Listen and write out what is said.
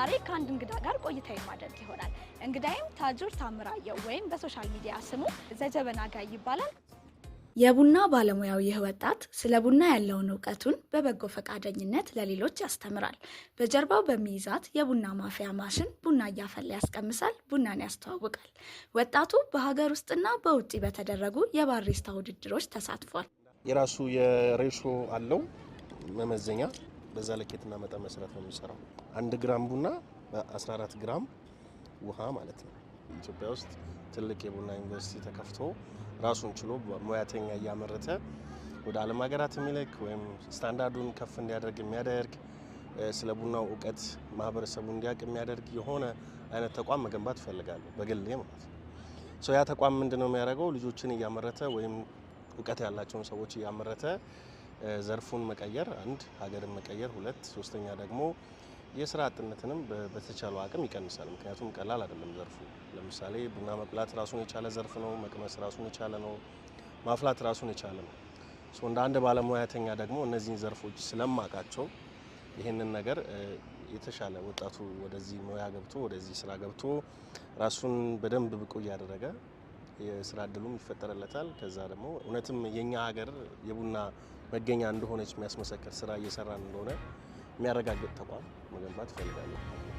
ዛሬ ከአንድ እንግዳ ጋር ቆይታ የማደርግ ይሆናል። እንግዳይም ታጆር ታምራየው ወይም በሶሻል ሚዲያ ስሙ ዘጀበና ጋይ ይባላል። የቡና ባለሙያው ይህ ወጣት ስለ ቡና ያለውን እውቀቱን በበጎ ፈቃደኝነት ለሌሎች ያስተምራል። በጀርባው በሚይዛት የቡና ማፍያ ማሽን ቡና እያፈላ ያስቀምሳል፣ ቡናን ያስተዋውቃል። ወጣቱ በሀገር ውስጥና በውጭ በተደረጉ የባሪስታ ውድድሮች ተሳትፏል። የራሱ የሬሾ አለው መመዘኛ በዛ ለኬትና መጠን መሰረት ነው የሚሰራው። አንድ ግራም ቡና በ14 ግራም ውሃ ማለት ነው። ኢትዮጵያ ውስጥ ትልቅ የቡና ዩኒቨርሲቲ ተከፍቶ ራሱን ችሎ ሙያተኛ እያመረተ ወደ ዓለም ሀገራት የሚልክ ወይም ስታንዳርዱን ከፍ እንዲያደርግ የሚያደርግ ስለ ቡናው እውቀት ማህበረሰቡ እንዲያውቅ የሚያደርግ የሆነ አይነት ተቋም መገንባት እፈልጋለሁ በግሌ ማለት ነው። ያ ተቋም ምንድነው የሚያደርገው? ልጆችን እያመረተ ወይም እውቀት ያላቸውን ሰዎች እያመረተ ዘርፉን መቀየር አንድ፣ ሀገርን መቀየር ሁለት፣ ሶስተኛ ደግሞ የስራ አጥነትንም በተቻለው አቅም ይቀንሳል። ምክንያቱም ቀላል አይደለም ዘርፉ። ለምሳሌ ቡና መቁላት ራሱን የቻለ ዘርፍ ነው። መቅመስ ራሱን የቻለ ነው። ማፍላት ራሱን የቻለ ነው። እንደ አንድ ባለሙያተኛ ደግሞ እነዚህን ዘርፎች ስለማቃቸው ይህንን ነገር የተሻለ ወጣቱ ወደዚህ ሙያ ገብቶ ወደዚህ ስራ ገብቶ ራሱን በደንብ ብቁ እያደረገ የስራ እድሉም ይፈጠርለታል። ከዛ ደግሞ እውነትም የኛ ሀገር የቡና መገኛ እንደሆነች የሚያስመሰክር ስራ እየሰራን እንደሆነ የሚያረጋግጥ ተቋም መገንባት እፈልጋለሁ።